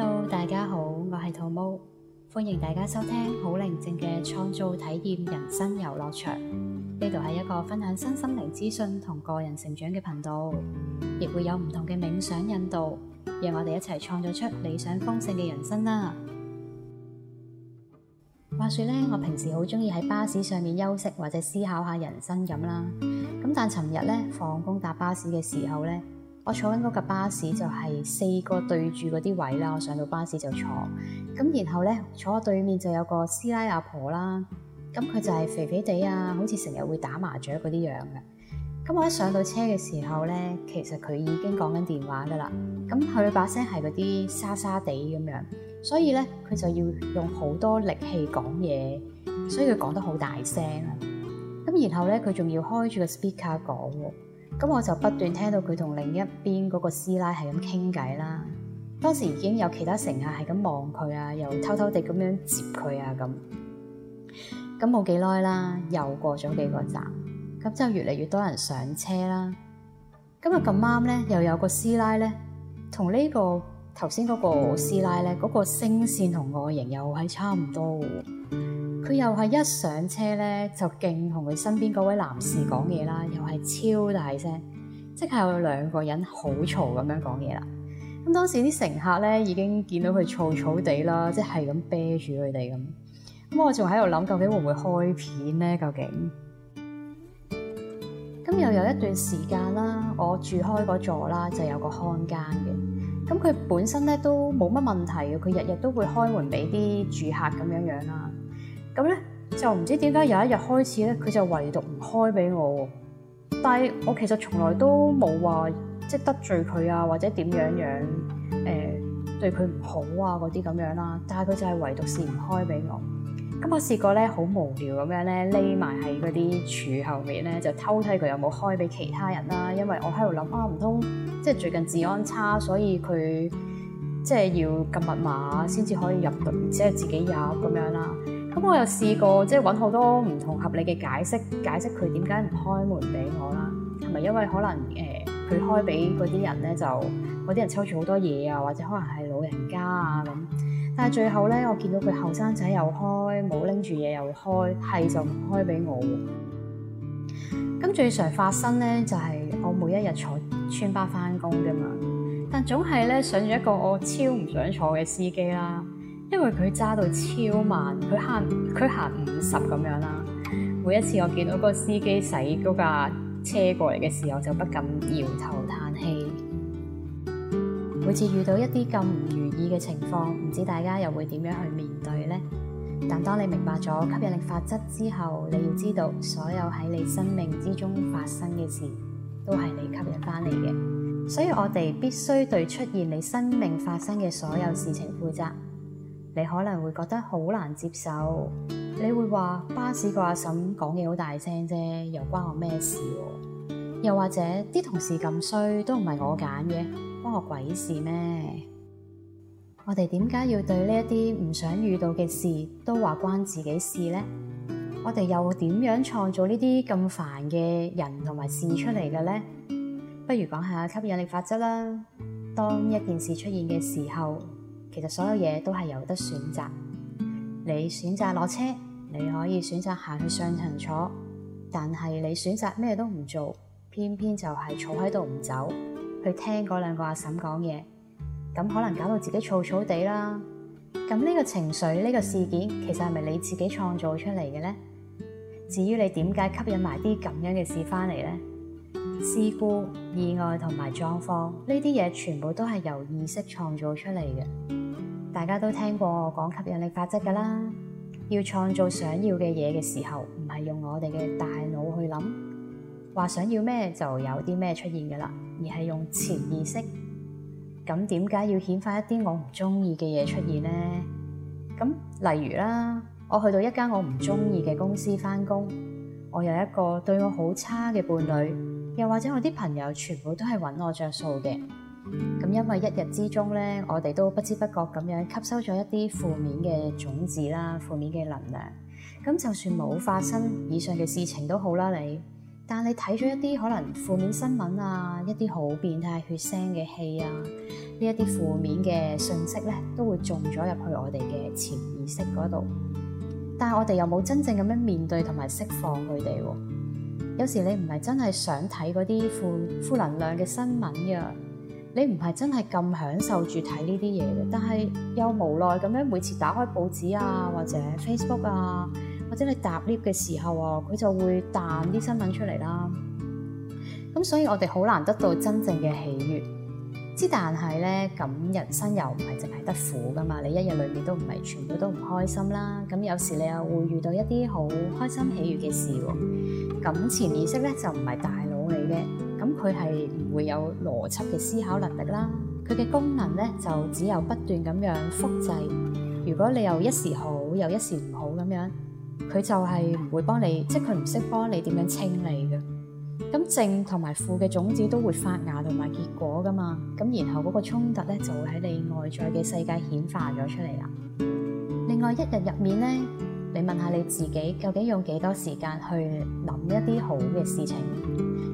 hello，大家好，我係 Tomo，歡迎大家收聽好寧靜嘅創造體驗人生遊樂場。呢度係一個分享新心靈資訊同個人成長嘅頻道，亦會有唔同嘅冥想引導，讓我哋一齊創造出理想豐盛嘅人生啦。話說咧，我平時好中意喺巴士上面休息或者思考下人生咁啦。咁但尋日咧，放工搭巴士嘅時候咧。我坐緊嗰架巴士就係四個對住嗰啲位啦，我上到巴士就坐。咁然後咧，坐我對面就有個師奶阿婆啦，咁佢就係肥肥地啊，好似成日會打麻雀嗰啲樣嘅。咁我一上到車嘅時候咧，其實佢已經講緊電話噶啦。咁佢把聲係嗰啲沙沙地咁樣，所以咧佢就要用好多力氣講嘢，所以佢講得好大聲。咁然後咧佢仲要開住個 speaker 講。咁我就不斷聽到佢同另一邊嗰個師奶係咁傾偈啦。當時已經有其他乘客係咁望佢啊，又偷偷地咁樣接佢啊咁。咁冇幾耐啦，又過咗幾個站，咁之後越嚟越多人上車啦。咁啊咁啱咧，又有個師奶咧，同呢個頭先嗰個師奶咧，嗰個聲線同外形又係差唔多。佢又係一上車咧，就勁同佢身邊嗰位男士講嘢啦，又係超大聲，即係有兩個人好嘈咁樣講嘢啦。咁當時啲乘客咧已經見到佢嘈嘈地啦，即係咁啤住佢哋咁。咁我仲喺度諗，究竟會唔會開片咧？究竟。咁又有一段時間啦，我住開嗰座啦，就有個看更嘅。咁佢本身咧都冇乜問題嘅，佢日日都會開門俾啲住客咁樣樣啦。咁咧就唔知點解有一日開始咧，佢就唯獨唔開俾我。但係我其實從來都冇話即係得罪佢啊，或者點樣樣誒、呃、對佢唔好啊嗰啲咁樣啦。但係佢就係唯獨試唔開俾我。咁我試過咧，好無聊咁樣咧，匿埋喺嗰啲柱後面咧，就偷睇佢有冇開俾其他人啦、啊。因為我喺度諗啊，唔通即係最近治安差，所以佢即係要撳密碼先至可以入到，即係自己入咁樣啦。咁我又試過即係揾好多唔同合理嘅解釋，解釋佢點解唔開門俾我啦。係咪因為可能誒佢、呃、開俾嗰啲人咧，就嗰啲人抽住好多嘢啊，或者可能係老人家啊咁？但係最後咧，我見到佢後生仔又開，冇拎住嘢又開，係就唔開俾我。咁最常發生咧，就係、是、我每一日坐村巴翻工㗎嘛，但係總係咧，上咗一個我超唔想坐嘅司機啦。因為佢揸到超慢，佢行佢行五十咁樣啦。每一次我見到個司機駛嗰架車過嚟嘅時候，就不禁搖頭嘆氣。每次遇到一啲咁唔如意嘅情況，唔知大家又會點樣去面對呢？但當你明白咗吸引力法則之後，你要知道所有喺你生命之中發生嘅事，都係你吸引翻嚟嘅，所以我哋必須對出現你生命發生嘅所有事情負責。你可能會覺得好難接受，你會話巴士個阿嬸講嘢好大聲啫，又關我咩事啊？又或者啲同事咁衰都唔係我揀嘅，關我鬼事咩？我哋點解要對呢一啲唔想遇到嘅事都話關自己事呢？我哋又點樣創造呢啲咁煩嘅人同埋事出嚟嘅呢？不如講下吸引力法則啦。當一件事出現嘅時候，其實所有嘢都係有得選擇，你選擇落車，你可以選擇行去上層坐；但係你選擇咩都唔做，偏偏就係坐喺度唔走，去聽嗰兩個阿嬸講嘢，咁可能搞到自己燥燥地啦。咁呢個情緒、呢個事件，其實係咪你自己創造出嚟嘅呢？至於你點解吸引埋啲咁樣嘅事翻嚟呢？事故、意外同埋狀況呢啲嘢，全部都係由意識創造出嚟嘅。大家都聽過我講吸引力法則噶啦，要創造想要嘅嘢嘅時候，唔係用我哋嘅大腦去諗，話想要咩就有啲咩出現噶啦，而係用潛意識。咁點解要顯化一啲我唔中意嘅嘢出現呢？咁例如啦，我去到一間我唔中意嘅公司翻工，我有一個對我好差嘅伴侶，又或者我啲朋友全部都係揾我着數嘅。因為一日之中咧，我哋都不知不覺咁樣吸收咗一啲負面嘅種子啦，負面嘅能量。咁就算冇發生以上嘅事情都好啦，你，但你睇咗一啲可能負面新聞啊，一啲好變態血腥嘅戲啊，呢一啲負面嘅信息咧，都會種咗入去我哋嘅潛意識嗰度。但係我哋又冇真正咁樣面對同埋釋放佢哋喎。有時你唔係真係想睇嗰啲負負能量嘅新聞嘅啊。你唔係真係咁享受住睇呢啲嘢嘅，但係又無奈咁樣每次打開報紙啊，或者 Facebook 啊，或者你搭 lift 嘅時候啊，佢就會彈啲新聞出嚟啦。咁所以我哋好難得到真正嘅喜悅。之但係咧，咁人生又唔係淨係得苦㗎嘛，你一日裏面都唔係全部都唔開心啦。咁有時你又會遇到一啲好開心喜悅嘅事喎、啊。咁潛意識咧，就唔係大佬嚟嘅，咁佢係。會有邏輯嘅思考能力啦，佢嘅功能咧就只有不斷咁樣複製。如果你又一時好又一時唔好咁樣，佢就係唔會幫你，即係佢唔識幫你點樣清理嘅。咁正同埋負嘅種子都會發芽同埋結果噶嘛，咁然後嗰個衝突咧就會喺你外在嘅世界顯化咗出嚟啦。另外一日入面咧，你問下你自己，究竟用幾多時間去諗一啲好嘅事情？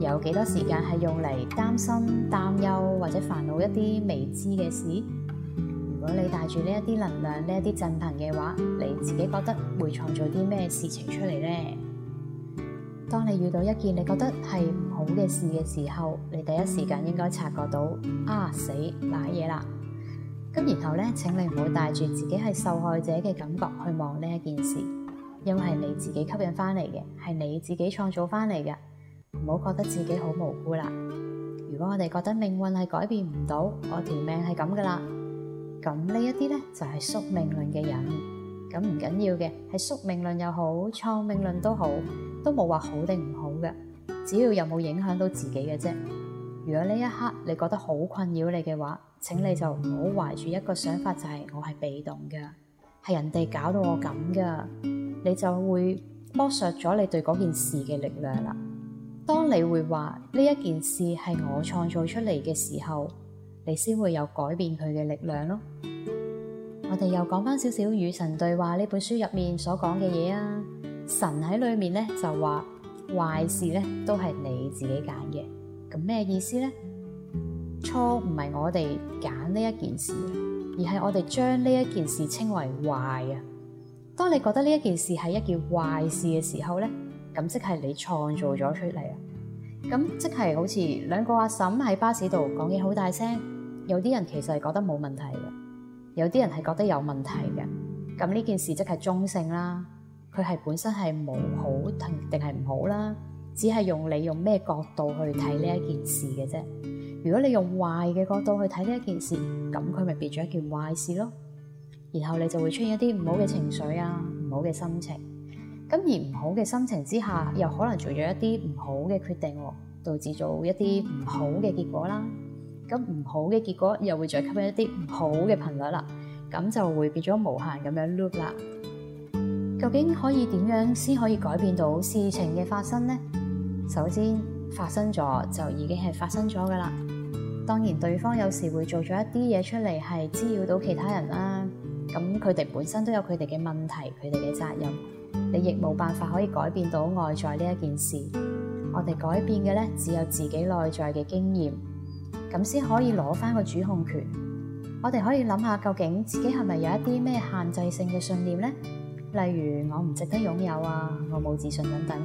有幾多時間係用嚟擔心、擔憂或者煩惱一啲未知嘅事？如果你帶住呢一啲能量、呢一啲振頻嘅話，你自己覺得會創造啲咩事情出嚟呢？當你遇到一件你覺得係唔好嘅事嘅時候，你第一時間應該察覺到啊死瀨嘢啦！咁，然後咧，請你唔好帶住自己係受害者嘅感覺去望呢一件事，因為係你自己吸引翻嚟嘅，係你自己創造翻嚟嘅。唔好覺得自己好無辜啦。如果我哋覺得命運係改變唔到，我條命係咁噶啦，咁呢一啲咧就係宿命論嘅人。咁唔緊要嘅，係宿命論又好，創命論都好，都冇話好定唔好嘅，只要有冇影響到自己嘅啫。如果呢一刻你覺得好困擾你嘅話，請你就唔好懷住一個想法，就係我係被動嘅，係人哋搞到我咁嘅，你就會剝削咗你對嗰件事嘅力量啦。當你會話呢一件事係我創造出嚟嘅時候，你先會有改變佢嘅力量咯。我哋又講翻少少《與神對話》呢本書入面所講嘅嘢啊，神喺裏面咧就話壞事咧都係你自己揀嘅，咁咩意思咧？初唔係我哋揀呢一件事，而係我哋將呢一件事稱為壞啊。當你覺得呢一件事係一件壞事嘅時候呢，咁即係你創造咗出嚟啊。咁即係好似兩個阿嬸喺巴士度講嘢好大聲，有啲人其實係覺得冇問題嘅，有啲人係覺得有問題嘅。咁呢件事即係中性啦，佢係本身係冇好定定係唔好啦，只係用你用咩角度去睇呢一件事嘅啫。如果你用壞嘅角度去睇呢一件事，咁佢咪變咗一件壞事咯。然後你就會出現一啲唔好嘅情緒啊，唔好嘅心情。咁而唔好嘅心情之下，又可能做咗一啲唔好嘅決定、啊，導致做一啲唔好嘅結果啦、啊。咁唔好嘅結果又會再吸引一啲唔好嘅頻率啦、啊。咁就會變咗無限咁樣 loop 啦、啊。究竟可以點樣先可以改變到事情嘅發生呢？首先，發生咗就已經係發生咗噶啦。當然，對方有時會做咗一啲嘢出嚟，係滋擾到其他人啦、啊。咁佢哋本身都有佢哋嘅問題，佢哋嘅責任。你亦冇辦法可以改變到外在呢一件事。我哋改變嘅咧，只有自己內在嘅經驗，咁先可以攞翻個主控權。我哋可以諗下，究竟自己係咪有一啲咩限制性嘅信念呢？例如我唔值得擁有啊，我冇自信等等，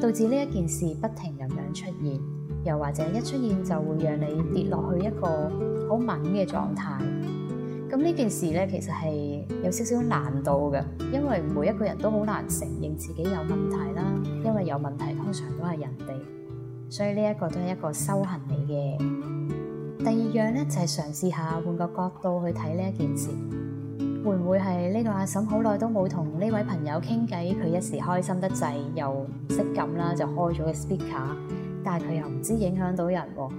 導致呢一件事不停咁樣出現。又或者一出現就會讓你跌落去一個好敏感嘅狀態。咁呢件事呢，其實係有少少難度嘅，因為每一個人都好難承認自己有問題啦。因為有問題通常都係人哋，所以呢一個都係一個修行嚟嘅。第二樣呢就係、是、嘗試下換個角度去睇呢一件事，會唔會係呢個阿嬸好耐都冇同呢位朋友傾偈，佢一時開心得滯又唔識噉啦，就開咗個 speaker。但係佢又唔知影響到人喎、啊，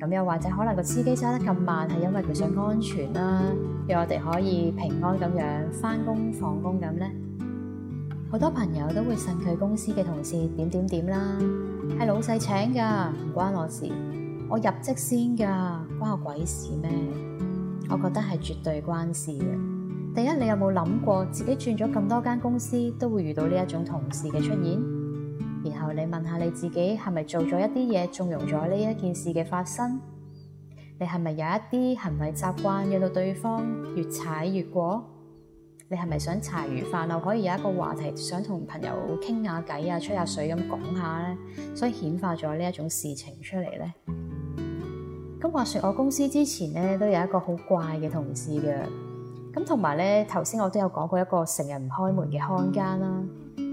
咁又或者可能個司機揸得咁慢，係因為佢想安全啦、啊，讓我哋可以平安咁樣返工放工咁呢。好多朋友都會信佢公司嘅同事點點點啦，係老細請噶，唔關我事。我入職先噶，關我鬼事咩？我覺得係絕對關事嘅。第一，你有冇諗過自己轉咗咁多間公司，都會遇到呢一種同事嘅出現？你問下你自己，係咪做咗一啲嘢縱容咗呢一件事嘅發生？你係咪有一啲係咪習慣，讓到對方越踩越過？你係咪想茶餘飯後可以有一個話題，想同朋友傾下偈啊、吹下水咁講下咧，所以顯化咗呢一種事情出嚟咧？咁話說，我公司之前咧都有一個好怪嘅同事嘅，咁同埋咧頭先我都有講過一個成日唔開門嘅看更啦。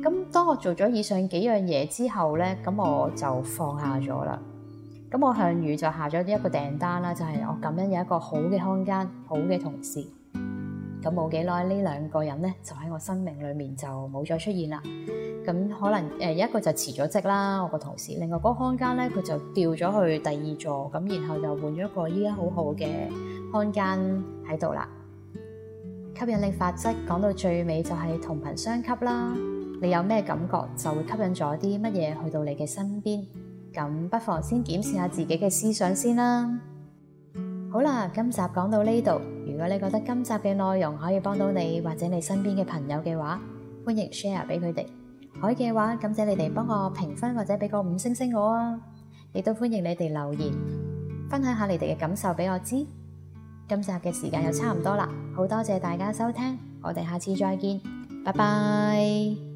咁當我做咗以上幾樣嘢之後咧，咁我就放下咗啦。咁我向宇就下咗一個訂單啦，就係、是、我咁樣有一個好嘅看更，好嘅同事。咁冇幾耐，呢兩個人咧就喺我生命裡面就冇再出現啦。咁可能誒、呃，一個就辭咗職啦，我個同事；另外嗰個看更咧，佢就調咗去第二座，咁然後就換咗一個依家好好嘅看更喺度啦。吸引力法則講到最尾就係同頻相吸啦。你有咩感覺，就會吸引咗啲乜嘢去到你嘅身邊。咁不妨先檢視下自己嘅思想先啦。好啦，今集講到呢度。如果你覺得今集嘅內容可以幫到你或者你身邊嘅朋友嘅話，歡迎 share 俾佢哋。可以嘅話，感謝你哋幫我評分或者俾個五星星我啊。亦都歡迎你哋留言分享下你哋嘅感受俾我知。今集嘅時間又差唔多啦，好多謝大家收聽，我哋下次再見，拜拜。